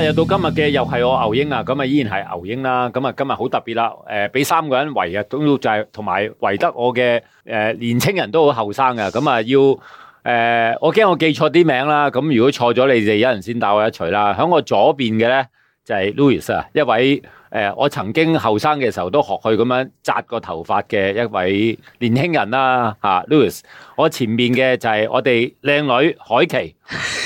今、啊、到今日嘅又係我牛英啊，咁、嗯、啊依然係牛英啦，咁、嗯、啊今日好特別啦，誒、呃、俾三個人圍啊，主要就係同埋圍得我嘅誒、呃、年青人都好後生噶，咁、嗯、啊、嗯、要誒、呃、我驚我記錯啲名啦，咁、嗯、如果錯咗你哋有人先打我一槌啦，喺我左邊嘅咧就係、是、Louis 啊，一位。誒、欸，我曾經後生嘅時候都學去咁樣紮個頭髮嘅一位年輕人啦、啊，嚇，Louis。我前面嘅就係我哋靚女愷琪，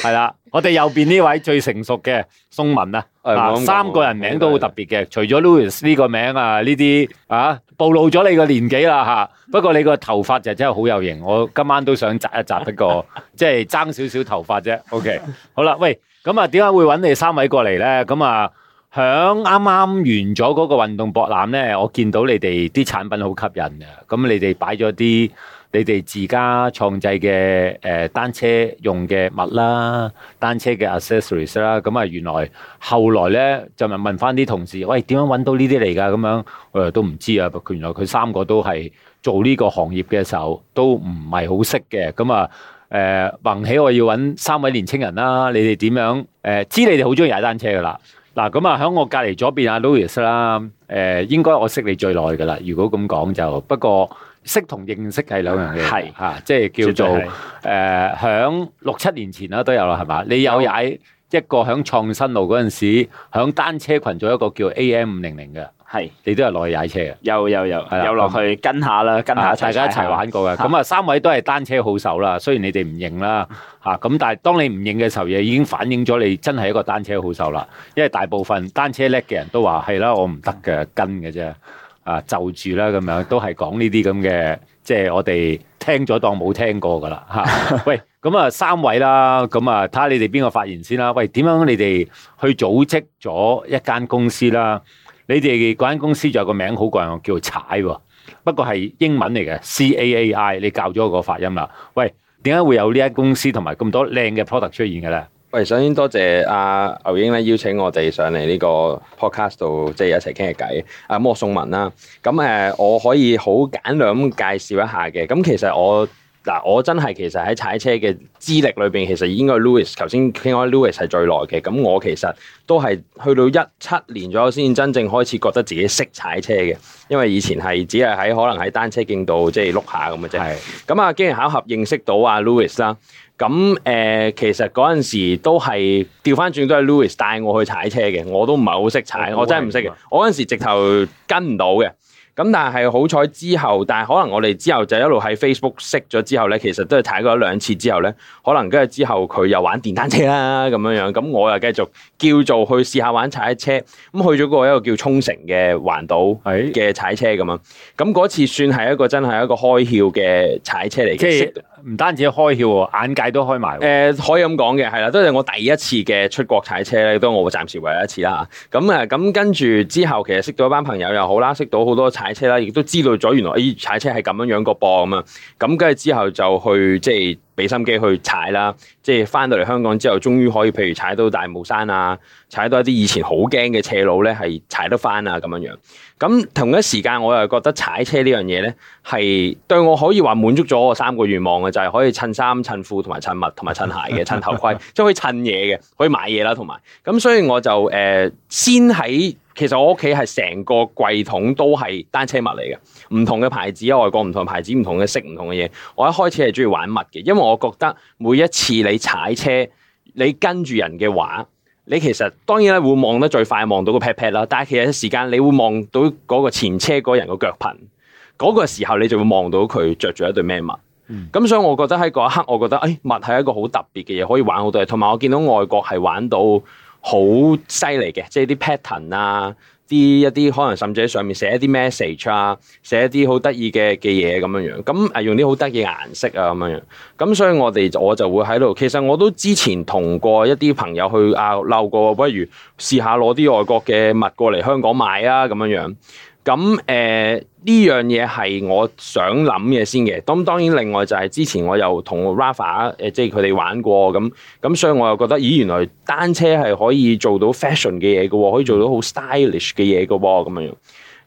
係啦呵呵。我哋右邊呢位最成熟嘅宋鈫啊，啊，三個人名都好特別嘅。對對對，除咗 Louis 呢個名啊，呢啲啊暴露咗你個年紀啦嚇。不過你個頭髮就真係好有型，我今晚都想紮一紮，得過即係爭少少頭髮啫。OK，好啦，喂，咁啊，點解會揾你三位過嚟咧？咁啊？響啱啱完咗嗰個運動博覽咧，我見到你哋啲產品好吸引嘅。咁你哋擺咗啲你哋自家創製嘅誒單車用嘅物啦，單車嘅 accessories 啦。咁、嗯、啊，原來後來咧就問問翻啲同事，喂，點樣搵到呢啲嚟噶？咁樣誒，我都唔知啊。原來佢三個都係做呢個行業嘅時候都唔係好識嘅。咁、嗯、啊，誒、呃，橫掂我要揾三位年青人啦。你哋點樣？誒、呃，知你哋好中意踩單車噶啦。嗱，咁啊，喺我隔離咗邊，阿 Louis 啦、呃，誒，應該我識你最耐噶啦，如果咁講就，不過識同認識係兩樣嘢，係嚇是、啊，即係叫做誒，響、呃、六七年前啦，都有啦，係嘛？你有踩一個響創新路嗰陣時，響單車羣做一個叫 AM 五零零嘅。係，你都係落去踩車嘅，有有有，有落去跟下啦，跟下，大家一齊玩過嘅。咁啊，三位都係單車好手啦，雖然你哋唔認啦，吓咁，但係當你唔認嘅時候，嘢已經反映咗你真係一個單車好手啦。因為大部分單車叻嘅人都話係啦，我唔得嘅，跟嘅啫，啊就住啦咁樣，都係講呢啲咁嘅，即係我哋聽咗當冇聽過噶啦吓。喂，咁啊三位啦，咁啊睇下你哋邊個發言先啦。喂，點樣你哋去組織咗一間公司啦？你哋嗰間公司仲有個名好貴，我叫做踩喎，不過係英文嚟嘅 C A A I。你教咗我個發音啦。喂，點解會有呢間公司同埋咁多靚嘅 product 出現嘅咧？喂，首先多謝阿、啊、牛英咧邀請我哋上嚟呢個 podcast 度，即係一齊傾下偈。阿莫宋鈫啦，咁、啊、誒，我可以好簡略咁介紹一下嘅。咁、啊、其實我。嗱，我真係其實喺踩車嘅資歷裏邊，其實應該 Louis 頭先傾開 Louis 係最耐嘅。咁我其實都係去到一七年左右先真正開始覺得自己識踩車嘅，因為以前係只係喺可能喺單車徑度即係碌下咁嘅啫。咁啊是，機緣巧合認識到阿 Louis 啦。咁、呃、誒，其實嗰陣時都係調翻轉都係 Louis 帶我去踩車嘅，我都唔係好識踩，嗯、我真係唔識嘅。嗯、我嗰陣時直頭跟唔到嘅。咁但係好彩之後，但係可能我哋之後就一路喺 Facebook 識咗之後咧，其實都係踩過一兩次之後咧，可能跟住之後佢又玩電單車啦咁樣樣，咁我又繼續叫做去試下玩踩車，咁去咗個一個叫沖繩嘅環島嘅踩車咁啊，咁嗰次算係一個真係一個開竅嘅踩車嚟嘅，即係唔單止開竅喎，眼界都開埋誒、呃，可以咁講嘅，係啦，都係我第一次嘅出國踩車咧，都我暫時唯一一次啦，咁誒，咁跟住之後其實識到一班朋友又好啦，識到好多踩車啦，亦都知道咗原來，哎，踩車係咁樣樣個噃咁啊！咁跟住之後就去即係俾心機去踩啦，即係翻到嚟香港之後，終於可以譬如踩到大帽山啊，踩到一啲以前好驚嘅斜路咧，係踩得翻啊咁樣樣。咁同一時間，我又覺得踩車呢樣嘢呢，係對我可以話滿足咗我三個願望嘅，就係、是、可以襯衫、襯褲同埋襯襪，同埋襯鞋嘅，襯頭盔， 即係可以襯嘢嘅，可以買嘢啦，同埋咁，所以我就誒、呃、先喺其實我屋企係成個櫃桶都係單車物嚟嘅，唔同嘅牌子啊，外國唔同牌子，唔同嘅色，唔同嘅嘢。我一開始係中意玩物嘅，因為我覺得每一次你踩車，你跟住人嘅話。你其實當然咧會望得最快，望到個 pat pat 啦。但係其實時間，你會望到嗰個前車嗰人個腳頻，嗰、那個時候你就會望到佢着住一對咩襪。咁、嗯、所以我覺得喺嗰一刻，我覺得，哎，襪係一個好特別嘅嘢，可以玩好多嘢。同埋我見到外國係玩到好犀利嘅，即係啲 pattern 啊。啲一啲可能甚至喺上面寫一啲 message 啊，寫一啲好得意嘅嘅嘢咁樣樣，咁誒用啲好得意顏色啊咁樣樣，咁所以我哋我就會喺度，其實我都之前同過一啲朋友去啊鬧過，不如試下攞啲外國嘅物過嚟香港買啊咁樣樣，咁誒。呢樣嘢係我想諗嘅先嘅，咁當然另外就係之前我又同 Rafa 誒，即係佢哋玩過咁，咁所以我又覺得，咦，原來單車係可以做到 fashion 嘅嘢㗎喎，可以做到好 stylish 嘅嘢㗎喎，咁樣。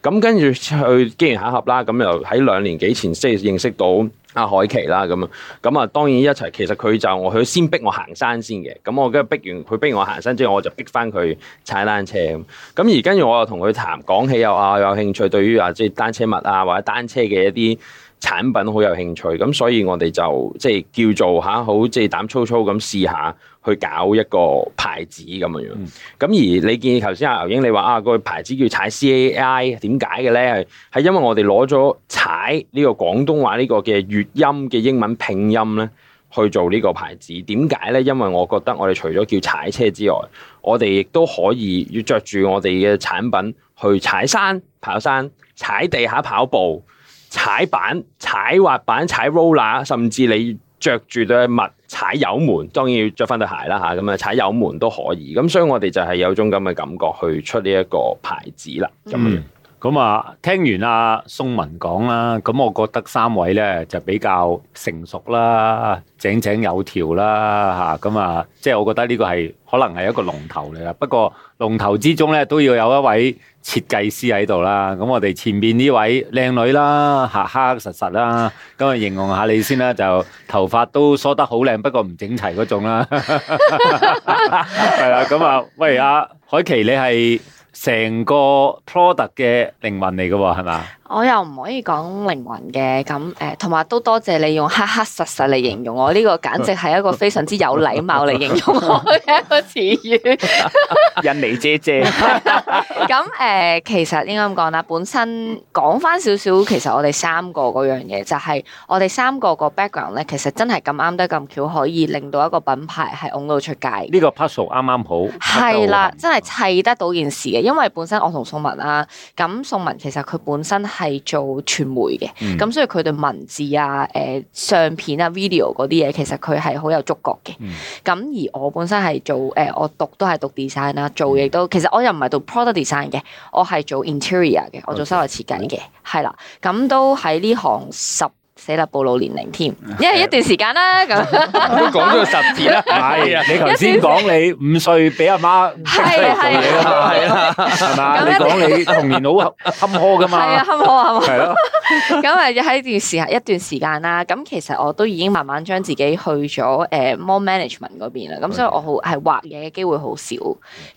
咁、嗯、跟住去機緣巧合啦，咁、嗯、又喺兩年幾前，即係認識到阿愷琪啦，咁、嗯、啊，咁、嗯、啊、嗯、當然一齊，其實佢就佢先逼我行山先嘅，咁、嗯、我跟住逼完佢逼我行山之後，我就逼翻佢踩單車咁、嗯，而跟住我又同佢談講起又啊有興趣對於啊即係單車物啊或者單車嘅一啲產品好有興趣，咁、嗯、所以我哋就即係叫做嚇、啊、好即係膽粗粗咁試下。去搞一個牌子，咁樣樣，咁、嗯、而你見頭先阿牛英你話啊、那個牌子叫踩 CAAI 點解嘅咧？係因為我哋攞咗踩呢個廣東話呢個嘅粵音嘅英文拼音咧，去做呢個牌子。點解咧？因為我覺得我哋除咗叫踩車之外，我哋亦都可以要着住我哋嘅產品去踩山、跑山、踩地下跑步、踩板、踩滑板、踩 roller，甚至你着住對襪。踩油門當然要着翻對鞋啦嚇，咁啊踩油門都可以，咁所以我哋就係有種咁嘅感覺去出呢一個牌子啦咁、嗯咁啊、嗯，聽完阿宋鈫講啦，咁我覺得三位咧就比較成熟啦，井井有條啦，吓、啊、咁啊，即係我覺得呢個係可能係一個龍頭嚟啦。不過龍頭之中咧都要有一位設計師喺度啦。咁我哋前面呢位靚女啦，吓，黑實實啦，咁、嗯、啊，形容下你先啦，就頭髮都梳得好靚，不過唔整齊嗰種啦。係、嗯、啦，咁、嗯、啊，喂、嗯，阿愷琪，你係？成個 product 嘅靈魂嚟㗎喎，係嘛？我又唔可以講靈魂嘅，咁誒，同埋都多謝你用黑黑實實嚟形容我呢、這個，簡直係一個非常之有禮貌嚟形容我嘅一個詞語。 印尼姐姐，咁 誒、 嗯嗯，其實應該咁講啦。本身講返少少，其實我哋三個嗰樣嘢就係、是、我哋三個個 background 咧，其實真係咁啱得咁巧，巧，可以令到一個品牌係㧬到出街。呢個 puzzle 啱啱好係啦，的真係砌得到件事嘅，因為本身我同宋鈫啊，咁宋鈫其實佢本身。係做傳媒嘅，咁、嗯、所以佢對文字啊、誒、呃、相片啊、video 嗰啲嘢，其實佢係好有觸覺嘅。咁、嗯、而我本身係做誒、呃，我讀都係讀 design 啦，做亦都、嗯、其實我又唔係讀 product design 嘅，我係做 interior 嘅，okay，我做室內設計嘅，係啦 okay, okay.，咁都喺呢行十。死啦！暴露年齡添，因為一段時間啦，咁講咗十字啦，係啊！ 你頭先講你五歲俾阿媽，媽，係係係啊，係嘛？ 你講你童年好坎坷㗎嘛？係啊，坎坷啊。係嘛？係咯，咁係喺段時一段時間啦。咁其實我都已經慢慢將自己去咗誒 more management 嗰邊啦。咁所以我好係畫嘢嘅機會好少。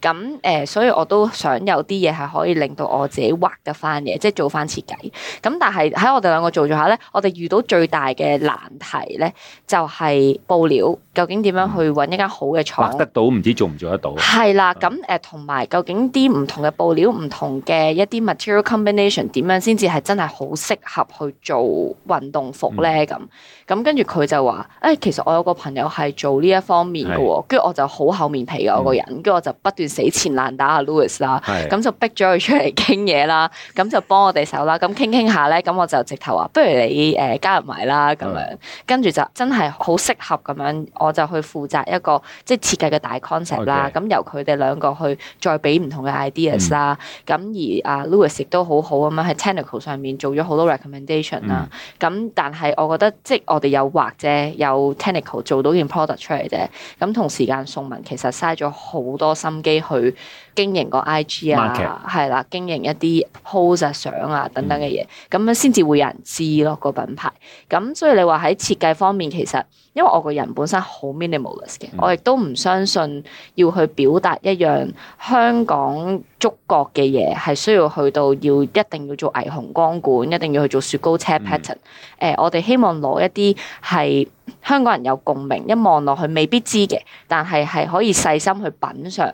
咁誒，所以我都想有啲嘢係可以令到我自己畫得翻嘢，即係做翻設計。咁但係喺我哋兩個做咗下咧，我哋到最大嘅難題咧，就係、是、布料究竟點樣去揾一間好嘅廠？揾、嗯、得到唔知做唔做得到？係啦，咁誒同埋究竟啲唔同嘅布料、唔同嘅一啲 material combination 點樣先至係真係好適合去做運動服咧？咁咁、嗯、跟住佢就話：誒、哎，其實我有個朋友係做呢一方面嘅喎，跟住的我就好厚面皮嘅我個人，跟住、嗯、我就不斷死纏爛打阿 Louis 啦，咁就逼咗佢出嚟傾嘢啦，咁就幫我哋手啦，咁傾傾下咧，咁我就直頭話：不如你誒？呃加入埋啦，咁樣跟住就真係好適合咁樣，我就去負責一個即係設計嘅大 concept 啦。咁 Okay. 由佢哋兩個去再俾唔同嘅 ideas 啦、嗯。咁而阿 Louis 都好好咁樣喺 technical 上面做咗好多 recommendation 啦、嗯。咁但係我覺得即係我哋有或者有 technical 做到件 product 出嚟啫。咁同時間宋鈫其實嘥咗好多心機去經營個 IG 啊場，係啦，經營一啲 pose 啊、相啊等等嘅嘢、咁、嗯、樣先至會有人知咯個品牌。咁所以你話喺設計方面，其實因為我個人本身好 minimalist 嘅，嗯、我亦都唔相信要去表達一樣香港觸角嘅嘢，係需要去到要一定要做霓虹光管，一定要去做雪糕車 pattern、嗯。誒、呃，我哋希望攞一啲係香港人有共鳴，一望落去未必知嘅，但係係可以細心去品嘗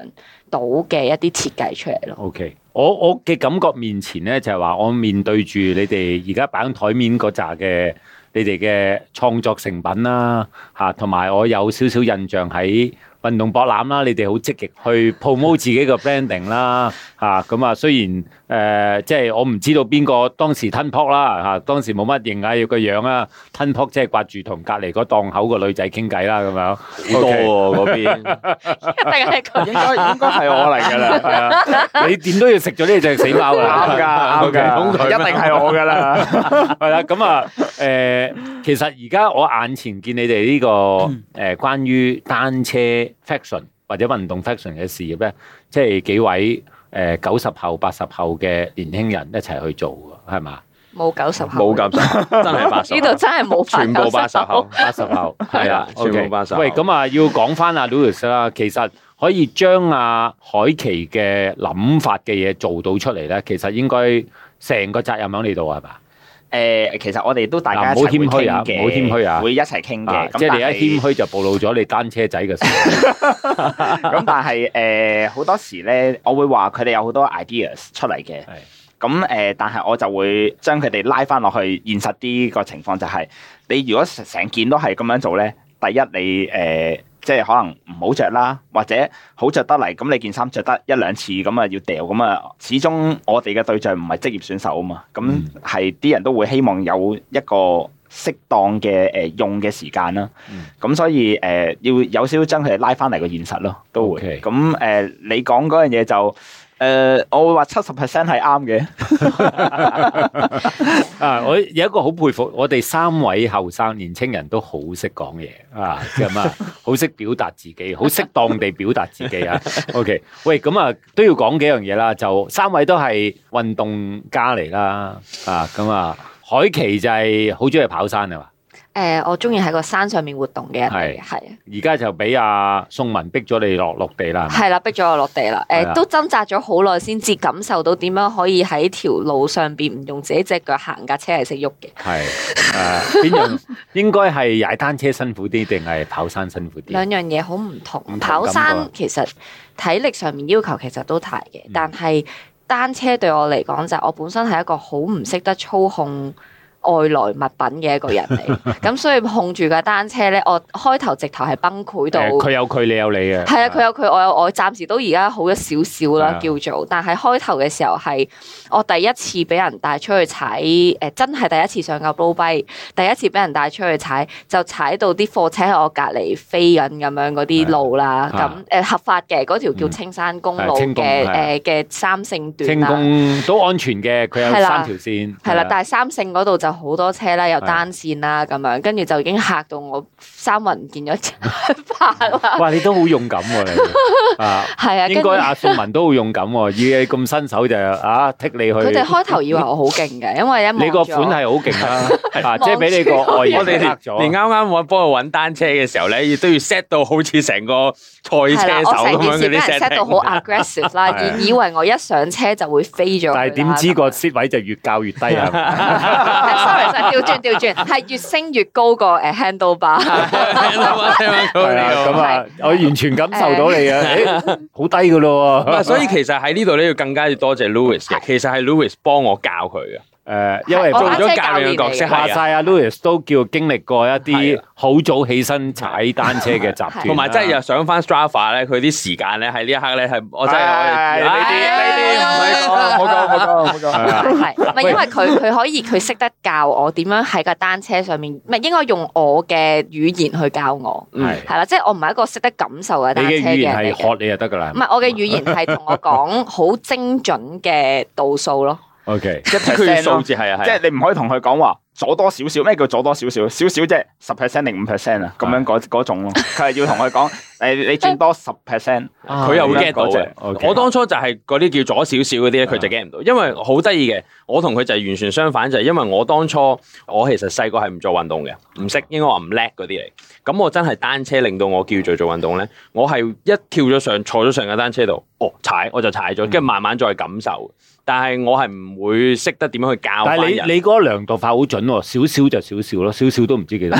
到嘅一啲設計出嚟咯。OK。我我嘅感覺面前咧就係話，我面對住你哋而家擺喺台面嗰扎嘅你哋嘅創作成品啦，嚇，同埋我有少少印象喺運動博覽啦，你哋好積極去 promote 自己嘅 branding 啦，嚇，咁啊雖然。誒、呃，即係我唔知道邊個當時吞撲啦吓，當時冇乜認解個樣啦，吞撲即係掛住同隔籬嗰檔口個女仔傾偈啦咁樣，好多喎嗰邊，一定係佢，應該係我嚟噶啦，你點都要食咗呢隻死貓啊，啱噶，啱噶，一定係我噶啦，係啦，咁啊，誒，其實而家我眼前見你哋呢個誒，關於單車 fashion 或者運動 fashion 嘅事業咧，即係幾位。誒，九十後、八十後嘅年輕人一齊去做㗎，係嘛？冇九十後，冇九十，真係八十。呢度真係冇，全部八十後，八十後係啊， okay，全部八十後。喂，咁啊，要講翻阿 Louis 啦，其實可以將阿愷琪嘅諗法嘅嘢做到出嚟咧，其實應該成個責任喺呢度係嘛？誒，其實我哋都大家唔好謙虛啊，唔好謙虛啊，會一齊傾嘅。啊、但是即係你一謙虛就暴露咗你單車仔嘅事。咁但係誒，好、呃、多時咧，我會話佢哋有好多 ideas 出嚟嘅。咁誒是、呃，但係我就會將佢哋拉翻落去現實啲個情況、就是，就係你如果成成件都係咁樣做咧，第一你誒。呃即係可能唔好着啦，或者好着得嚟，咁你件衫着得一兩次咁啊要掉，咁啊始終我哋嘅對象唔係職業選手啊嘛，咁係啲人都會希望有一個。適當嘅誒用嘅時間啦，咁所以誒要有少少將佢拉翻嚟個現實咯，都會咁誒。你講嗰樣嘢就誒，我會話七十 percent 係啱嘅。啊，我有一個好佩服，我哋三位後生年青人都好識講嘢啊，咁啊，好識表達自己，好適當地表達自己啊。OK，喂，咁啊都要講幾樣嘢啦，就三位都係運動家嚟啦，啊咁啊。愷琪就係好中意跑山係嘛？誒、呃，我中意喺個山上面活動嘅係係。而家的的就俾阿、啊、宋鈫逼咗你落落地啦。係啦，逼咗我落地啦。誒是的、呃，都掙扎咗好耐先至感受到點樣可以喺條路上邊唔用自己隻腳行架車係識喐嘅。係誒，點、呃、樣？ 應該係踩單車辛苦啲定係跑山辛苦啲？兩樣嘢好唔同。同跑山其實體力上面要求其實都大嘅， 但係。單車對我嚟講就係我本身係一個好唔識得操控。外來物品嘅一個人嚟，咁所以控住架單車咧，我開頭直頭係崩潰到。佢有佢，你有你嘅。係啊，佢有佢，我有我。暫時都而家好咗少少啦，叫做。但係開頭嘅時候係我第一次俾人帶出去踩，誒真係第一次上架 low bike，第一次俾人帶出去踩，就踩到啲貨車喺我隔離飛緊咁樣嗰啲路啦。咁誒合法嘅嗰條叫青山公路嘅誒嘅三聖段。青公都安全嘅，佢有三條線。係啦，但係三聖嗰度就。好多車啦，有單線啦咁樣，跟住就已經嚇到我三魂唔見咗牙花啦。哇！你都好勇敢喎，啊，係啊，應該阿宋文都好勇敢喎，以你咁新手就啊踢你去。佢哋開頭以為我好勁嘅，因為一你個款係好勁啦，啊，即係俾你個外形得咗。你啱啱揾幫我揾單車嘅時候咧，亦都要 set 到好似成個賽車手咁樣嗰啲 set。set 到好 aggressive 啦，以為我一上車就會飛咗。但係點知個 seat 位就越較越低啊！sorry，實掉轉掉轉，係越升越高個，誒 handle bar。係啊，咁啊，我完全感受到你嘅，好低嘅咯。所以其實喺呢度咧，要更加要多謝 Louis 嘅。其實係 Louis 幫我教佢嘅。誒，因為做咗教練嘅角色，係啊，Louis 都叫經歷過一啲好早起身踩單車嘅集團，同埋真係又上翻 Strava 咧，佢啲時間咧喺呢一刻咧係，我真係呢啲呢啲，冇錯冇錯冇錯，係咪因為佢佢可以佢識得教我點樣喺個單車上面，唔係應該用我嘅語言去教我，係啦，即係我唔係一個識得感受嘅單車嘅人，唔係我嘅語言係學你就得㗎喇，唔係我嘅語言係同我講好精準嘅度數咯。OK，一 percent 數字係啊， 即係你唔可以同佢講，話左多少少，咩叫左多少少？少少啫，十 percent 定五 percent 啊？咁樣嗰嗰種咯，佢係要同佢講誒，你轉多十 percent，佢又會 get 到嘅。我當初就係嗰啲叫左少少嗰啲咧，佢就 get 唔到，Yeah. 因為好得意嘅。我同佢就完全相反，就係、是、因為我當初我其實細個係唔做運動嘅，唔識應該話唔叻嗰啲嚟。咁我真係單車令到我叫做做運動咧，我係一跳咗上坐咗上架單車度，哦踩我就踩咗，跟住慢慢再感受。嗯但係我係唔會識得點樣去教。但係你你嗰個量度法好準喎，少少就少少咯，少少都唔知幾多。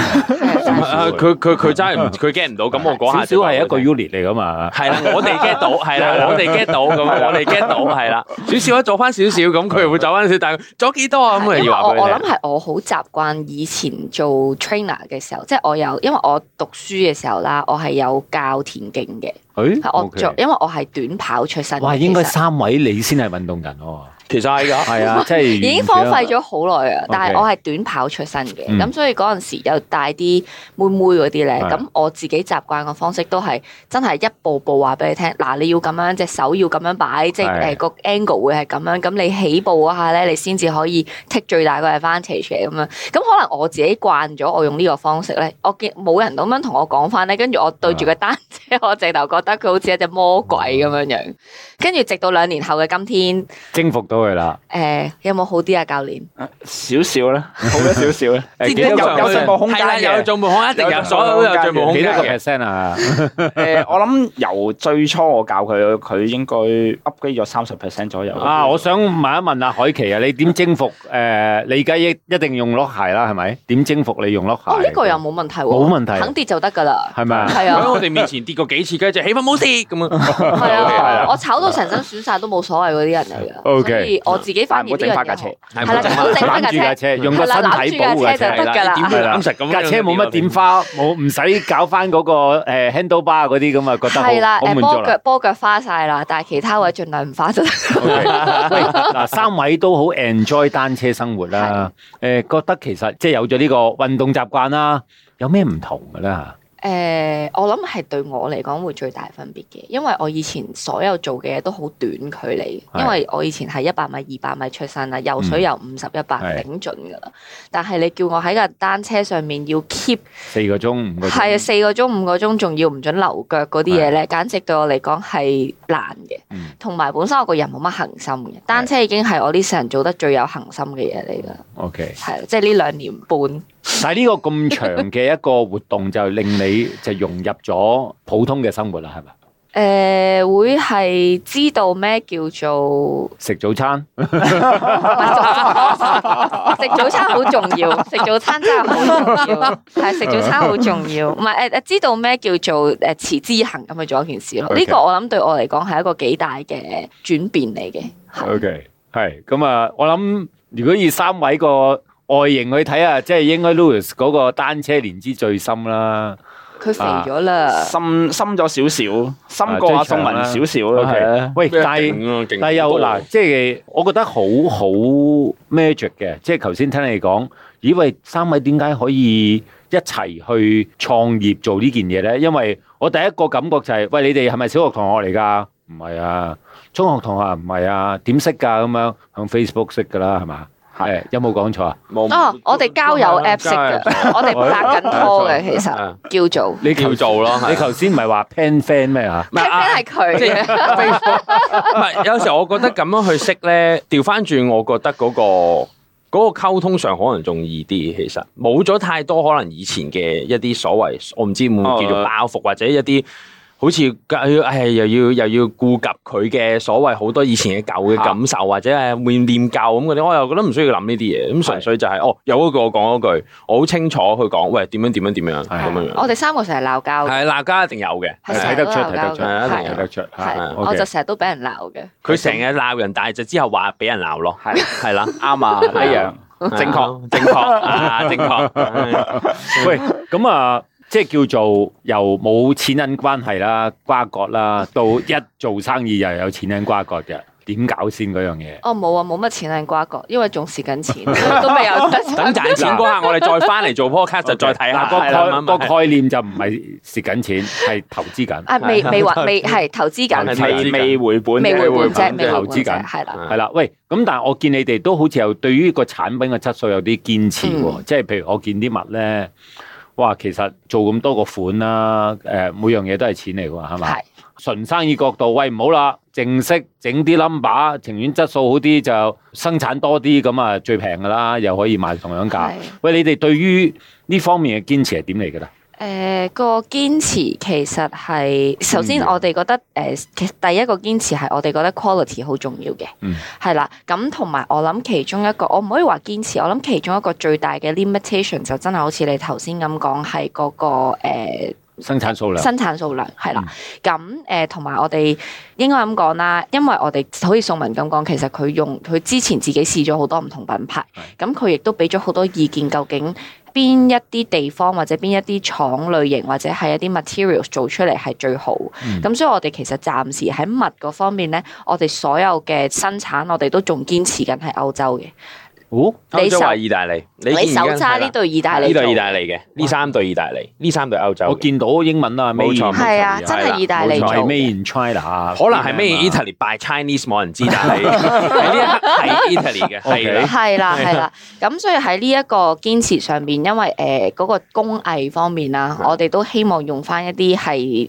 佢佢佢真係唔佢 get 唔到，咁我講下，小係一個 unit 嚟噶嘛。係 啦，我哋 get 到，係啦，我哋 get 到，咁我哋 get 到，係啦。少少做翻少少，咁佢會走翻少，但係做幾多啊？咁我我諗係我好習慣以前做 trainer 嘅時候，即係我有，因為我讀書嘅時候啦，我係有教田徑嘅。誒、欸，我做，Okay. 因為我係短跑出身。哇，應該三位你先係運動人哦。衰噶，係啊，已經荒廢咗好耐啊。但係我係短跑出身嘅，咁、嗯、所以嗰陣時又帶啲妹妹嗰啲咧。咁是的 我自己習慣嘅方式都係真係一步步話俾你聽。嗱、啊，你要咁樣，隻手要咁樣擺，即係誒個 angle 會係咁樣。咁你起步下咧，你先至可以 take 最大嘅 advantage 嘅咁樣。咁可能我自己慣咗我用呢個方式咧，我見冇人咁樣同我講翻咧，跟住我對住個單車，是的 我直頭覺得佢好似一隻魔鬼咁樣樣。跟住是的、嗯、直到兩年後嘅今天，征服到。啦，誒，有冇好啲啊？教練，少少咧，好咗少少咧。有進步空間嘅，有進步空間一定有，所有都有進步空間幾多個 percent 啊？誒，我諗由最初我教佢，佢應該 up 機咗三十 percent 左右啊！我想問一問阿愷琪啊，你點征服誒？你而家一一定用 lock 鞋啦，係咪？點征服你用 lock 鞋？哦，呢個又冇問題，冇問題，肯跌就得噶啦，係咪？係啊，我哋面前跌過幾次，跟住起碼冇事咁啊。係啊，係啊，我炒到成身損晒都冇所謂嗰啲人嚟噶。OK。我自己發現啲人攬住架車，係啦，攬住架車，用個身體保護架車，冇乜點花，冇唔使搞翻嗰個誒 handle bar 啊嗰啲咁啊，覺得係啦，波腳波腳花曬啦，但係其他位盡量唔花就得。嗱，三位都好 enjoy 單車生活啦，誒覺得其實即係有咗呢個運動習慣啦，有咩唔同嘅咧？誒、呃，我諗係對我嚟講會最大分別嘅，因為我以前所有做嘅嘢都好短距離，是因為我以前係一百米、二百米出身啦，游水游五十一百頂準噶啦。但係你叫我喺架單車上面要 keep 四個鐘五個鐘，係啊四個鐘五個鐘，仲要唔準留腳嗰啲嘢咧，是簡直對我嚟講係難嘅。同埋是本身我個人冇乜恒心嘅，是單車已經係我呢世人做得最有恒心嘅嘢嚟啦。OK，係啦，即係呢兩年半。但係呢個咁長嘅一個活動就令你就融入咗普通嘅生活啦，係咪？誒，會係知道咩叫做食早餐？食早餐好重要，食早餐真係好重要，係食早餐好重要。唔係誒誒，知道咩叫做誒持之以恒咁去做一件事咯？呢個我諗對我嚟講係一個幾大嘅轉變嚟嘅。OK，係咁啊！我諗如果以三位個。外形去睇下，即係應該 Louis 嗰個單車年資最深啦。佢肥咗啦，深深咗少少，深過阿宋文少少啦。喂，但係但係又嗱，即係我覺得好好 magic 嘅。即係頭先聽你講，咦喂，三位點解可以一齊去創業做呢件嘢咧？因為我第一個感覺就係，喂，你哋係咪小學同學嚟噶？唔係啊，中學同學唔係啊，點識噶？咁樣喺 Facebook 識噶啦，係嘛？係有冇講錯啊？哦，我哋交友 app 識嘅， 我哋拍緊拖嘅，其實叫做你叫做咯。 你頭先唔係話 pen friend 咩 是 啊？pen friend 係佢。唔係是他 有時候我覺得咁樣去識咧，調翻轉，我覺得嗰、那個嗰、那個溝通上可能仲易啲。其實冇咗太多可能以前嘅一啲所謂，我唔知會唔會叫做包袱或者一啲。好似唉，又要又要顧及佢嘅所謂好多以前嘅舊嘅感受，或者係會念舊咁嗰啲，我又覺得唔需要諗呢啲嘢。咁純粹就係哦，有一個我講嗰句，我好清楚去講，喂點樣點樣點樣咁樣。我哋三個成日鬧交，係鬧交一定有嘅，睇得出睇得出一定睇得出。我就成日都俾人鬧嘅，佢成日鬧人，但係就之後話俾人鬧咯，係係啦，啱啊一樣正確正確啊正確。喂咁啊！即係叫做由冇錢銀關係啦、瓜葛啦，到一做生意又有錢銀瓜葛嘅，點搞先嗰樣嘢？哦，冇啊，冇乜錢銀瓜葛，因為仲蝕緊錢。等賺錢嗰下，我哋再翻嚟做 podcast 就再睇下啦。個概念就唔係蝕緊錢，係投資緊。啊，未未還未係投資緊啊，未回本，未回本啫，即係未投資緊係啦，係啦。喂，咁但係我見你哋都好似又對於個產品嘅質素有啲堅持喎，即係譬如我見啲物咧。哇，其實做咁多個款啦、啊，誒、呃、每樣嘢都係錢嚟㗎嘛，係嘛？是的 純生意角度，喂唔好啦，正式整啲 number，情願質素好啲就生產多啲，咁啊最平㗎啦，又可以賣同樣價。是的 喂，你哋對於呢方面嘅堅持係點嚟㗎啦？誒、呃、那個堅持其實係要首先我哋覺得誒、呃、第一個堅持係我哋覺得 quality 好重要嘅，係啦、嗯。咁同埋我諗其中一個我唔可以話堅持，我諗其中一個最大嘅 limitation 就真係好似你頭先咁講係嗰個、呃、生產數量，生產數量係啦。咁誒同埋我哋應該咁講啦，因為我哋好似宋鈫咁講，其實佢用佢之前自己試咗好多唔同品牌，咁佢的亦都俾咗好多意見，究竟，邊一啲地方或者邊一啲廠類型或者係一啲 material 做出嚟係最好，咁、嗯、所以我哋其實暫時喺物嗰方面呢，我哋所有嘅生產我哋都仲堅持緊係歐洲嘅。哦，歐洲話意大利，你手揸呢對意大利，呢對意大利嘅，呢三對意大利，呢三對歐洲，我見到英文啦，冇錯，係啊，真係意大利做，係咩 in China，可能係咩 Italy by Chinese 冇人知，但係呢一刻係 Italy 嘅，係啦，係啦，咁所以喺呢一個堅持上邊，因為誒嗰個工藝方面啦，我哋都希望用翻一啲係誒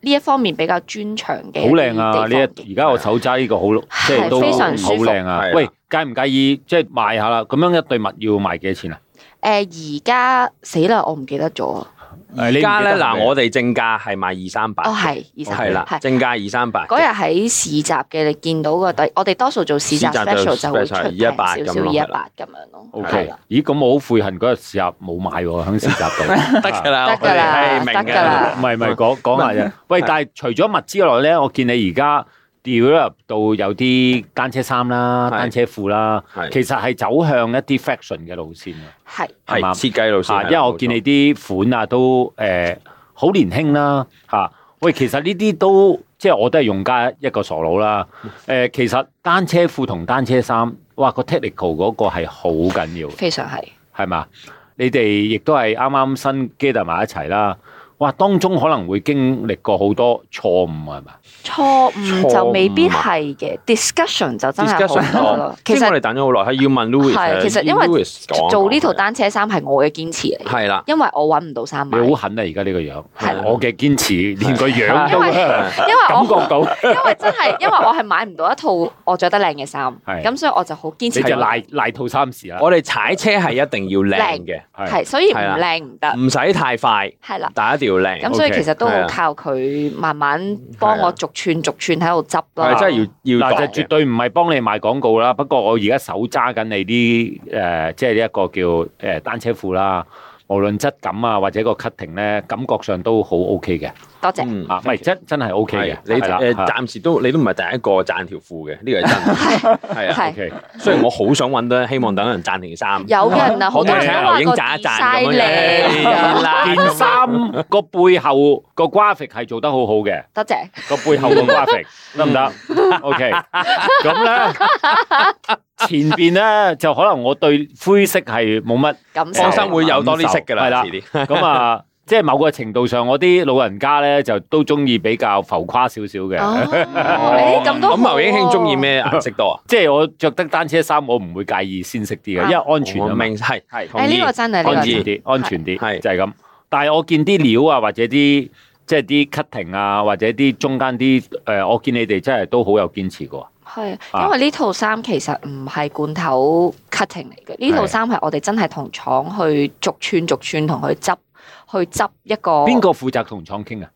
呢一方面比較專長嘅，好靚啊！呢一而家我手揸呢個好，即係非常舒服啊！喂。介唔介意即係賣下啦？咁樣一對襪要賣幾多錢啊？誒，而家死啦！我唔記得咗啊！而家咧嗱，我哋正價係賣二三百哦，係二三係啦，正價二三百。嗰日喺市集嘅你見到個底，我哋多數做市集 special 就會出二一八，少少，二一八咁樣咯。OK，咦？咁我好悔恨嗰日市集冇買喎，喺市集度得噶啦，得噶啦，得噶啦，唔係唔係，講講下啫。喂，但係除咗襪之外咧，我見你而家。掉入到有啲單車衫啦、是單車褲啦，是其實係走向一啲 fashion 嘅路線啊。係係嘛設計路線，啊。因為我見你啲款都，呃、啊都誒好年輕啦吓。喂，其實呢啲都即係我都係用家一個傻佬啦。誒，呃，其實單車褲同單車衫，哇 techn 個 technical 嗰個係好緊要，非常係係嘛。你哋亦都係啱啱新 get 埋一齊啦。哇！當中可能會經歷過好多錯誤啊，係咪？錯誤就未必係嘅。Discussion 就真係好多。其實我哋等咗好耐，係要問 Louis。係，其實因為做呢套單車衫係我嘅堅持嚟。係啦。因為我揾唔到衫買。你好狠啊！而家呢個樣。係。我嘅堅持，連個樣都因為感覺到。因為真係，因為我係買唔到一套我著得靚嘅衫。係。咁所以我就好堅持。你就賴賴套衫事啦。我哋踩車係一定要靚嘅，係，所以唔靚唔得。唔使太快。係啦。打一條。咁、嗯、所以其實都好靠佢慢慢幫我逐串逐串喺度執咯，係真係要要。但係，的就絕對唔係幫你賣廣告啦。不過我而家手揸緊你啲誒、呃，即係呢一個叫誒、呃、單車褲啦。無論質感啊，或者個 cutting 咧，感覺上都好 OK 嘅。多謝，唔係真真係 OK 嘅。你誒暫時都你都唔係第一個讚條褲嘅，呢個係真係係啊 OK。雖然我好想揾到希望等人讚件衫。有人啊，我哋請牛英讚一讚你啊。件衫個背後。個瓜食係做得好好嘅，多謝。個背後個瓜食得唔得？OK，咁咧前邊咧就可能我對灰色係冇乜感受，放心會有多啲色嘅啦，係啦。咁啊，即係某個程度上，我啲老人家咧就都中意比較浮誇少少嘅。咁牛英兄中意咩顏色多啊？即係我着得單車衫，我唔會介意鮮色啲嘅，因為安全啊嘛，係，呢個真係安全啲安全啲，係就係咁。但係我見啲料啊，或者啲。即係啲 cutting 啊，或者啲中間啲誒、呃，我見你哋真係都好有堅持過、啊。係，因為呢套衫其實唔係罐頭 cutting 嚟嘅，呢套衫係我哋真係同廠去逐寸逐寸同佢執，去執一個。邊個負責同廠傾啊？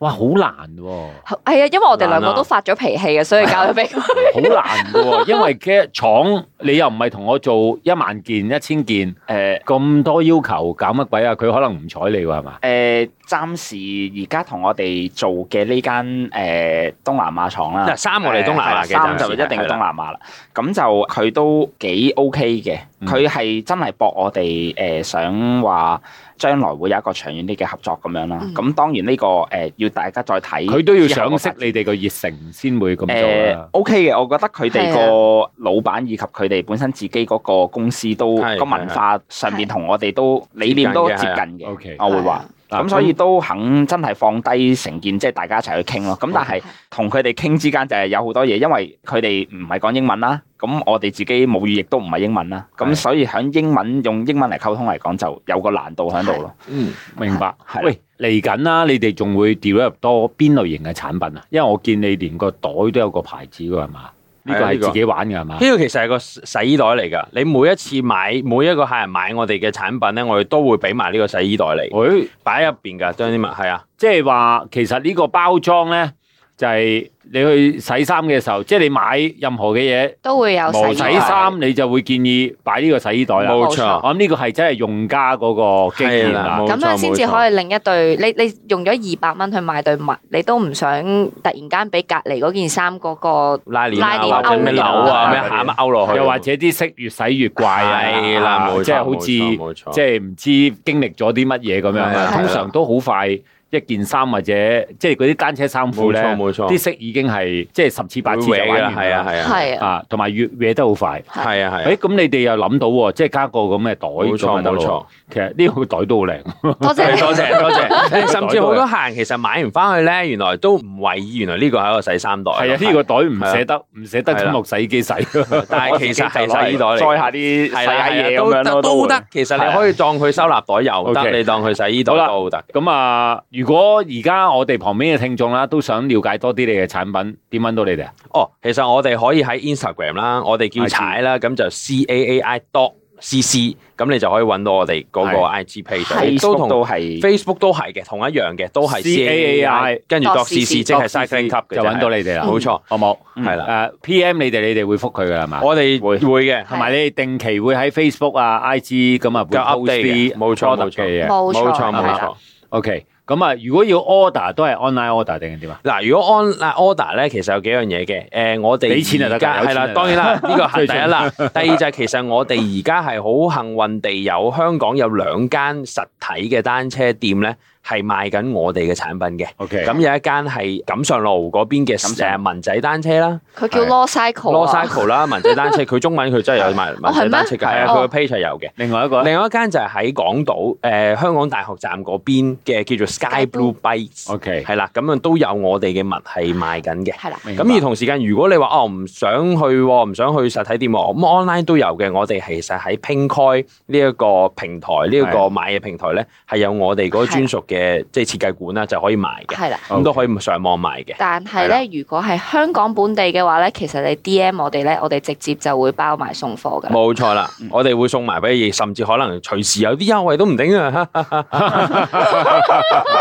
哇，好難喎、啊！係啊，因為我哋兩個都發咗脾氣嘅，所以搞咗俾佢。好難嘅喎，因為嘅廠。你又唔係同我做一萬件、一千件，誒咁多要求，搞乜鬼啊？佢可能唔睬你喎，係嘛？誒暫時而家同我哋做嘅呢間誒、呃、東南亞廠啦。嗱、啊，三我哋東南亞嘅，就一定係東南亞啦。咁就佢都幾 OK 嘅，佢係真係搏我哋誒想話將來會有一個長遠啲嘅合作咁樣啦。咁當然呢、這個誒、呃、要大家再睇，佢都要賞識你哋個熱誠先會咁做，OK 嘅，我覺得佢哋個老闆以及佢。佢哋本身自己嗰個公司都個是文化上面同是我哋都是理念都接近嘅，的我會話咁，的所以都肯真係放低成見，即係大家一齊去傾咯。咁的但係同佢哋傾之間就係有好多嘢，因為佢哋唔係講英文啦，咁我哋自己母語亦都唔係英文啦，咁所以喺英文用英文嚟溝通嚟講就有個難度喺度咯。嗯，明白。的喂，嚟緊啦，你哋仲會調入多邊類型嘅產品啊？因為我見你連個袋都有個牌子㗎，係嘛？呢個係自己玩㗎係嘛？呢個其實係個洗衣袋嚟噶。你每一次買，每一個客人買我哋嘅產品咧，我哋都會俾埋呢個洗衣袋嚟。會擺喺入邊噶，裝啲物。係啊對，即係話其實呢個包裝咧。就係你去洗衫嘅時候，即係你買任何嘅嘢都會有洗衫，你就會建議擺呢個洗衣袋啦。冇錯，我諗呢個係真係用家嗰個經驗啦。咁樣先至可以另一對，你你用咗二百蚊去買對襪，你都唔想突然間俾隔離嗰件衫嗰個拉鏈啊或者咩紐啊咩下咁落去，又或者啲色越洗越怪啊，即係好似即係唔知經歷咗啲乜嘢咁樣，通常都好快。一件衫或者即係嗰啲單車衫褲咧，冇錯冇錯，啲色已經係即係十次八次就玩完啦，係啊係啊，啊同埋越搲得好快，係啊係。誒咁你哋又諗到喎，即係加個咁嘅袋，冇錯冇錯。其實呢個袋都好靚，多謝多謝多謝。甚至好多客人其實買完翻去咧，原來都唔為意，原來呢個係一個洗衫袋。係啊，呢個袋唔捨得，唔捨得裝入洗衣機洗。但係其實係洗衣袋嚟，載下啲洗嘢都都得。其實你可以當佢收納袋又得，你當佢洗衣袋都得。咁啊，如如果而家我哋旁邊嘅聽眾啦，都想了解多啲你嘅產品，點搵到你哋啊？哦，其實我哋可以喺 Instagram 啦，我哋叫踩啦，咁就 c a a i dot c c，咁你就可以搵到我哋嗰個 I G page。都同 Facebook 都係嘅，同一樣嘅，都係 c a a i，跟住 dot c c，即係 c c 嘅，就搵到你哋啦。冇錯，好冇？係啦，誒，P M 你哋，你哋會覆佢噶係嘛？我哋會會嘅，同埋你哋定期會喺 Facebook 啊、I G 咁啊，會 update。冇錯冇錯嘅，冇錯冇錯。O K。咁啊，如果要 order 都係 online order 定係點啊？嗱，如果 online order 咧，其實有幾樣嘢嘅。誒、呃，我哋俾錢就得噶啦，係啦在，的當然啦，呢 個係第一啦。 第二就係、是、其實我哋而家係好幸運地有香港有兩間實體嘅單車店咧。係賣緊我哋嘅產品嘅，咁有一間係錦上路嗰邊嘅誒文仔單車啦，佢叫 LoCycle，LoCycle 啦，文仔單車，佢中文佢真係有賣文仔單車嘅，係啊，佢個 page 係有嘅。另外一個，另外一間就係喺港島誒香港大學站嗰邊嘅叫做 Sky Blue Bites，係啦，咁樣都有我哋嘅物係賣緊嘅，係啦。咁而同時間，如果你話哦唔想去，唔想去實體店，咁 online 都有嘅。我哋其實喺 Pinkoi 呢一個平台，呢一個買嘢平台咧，係有我哋嗰個專屬嘅。嘅即係設計館啦，就可以買。係啦，咁都可以上網買嘅。但係咧，如果係香港本地嘅話咧，其實你 DM 我哋咧，我哋直接就會包埋送貨嘅。冇錯啦，我哋會送埋俾你，甚至可能隨時有啲優惠都唔定啊！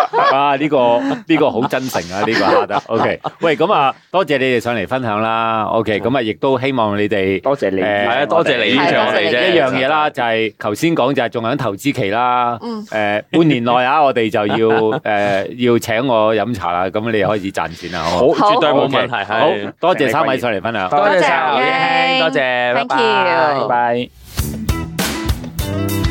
啊，呢個呢個好真誠啊！呢個阿德，OK。喂，咁啊，多謝你哋上嚟分享啦。OK，咁啊，亦都希望你哋多謝你，係啊，多謝你呢樣嘢。一樣嘢啦，就係頭先講就係仲喺投資期啦。誒，半年內啊，我哋就。要誒、呃、要請我飲茶啦，咁你開始賺錢啦，好，好，好，絕對冇問題，好，好，多謝三位上嚟分享，多謝多謝，多謝英，多謝 thank you，拜拜。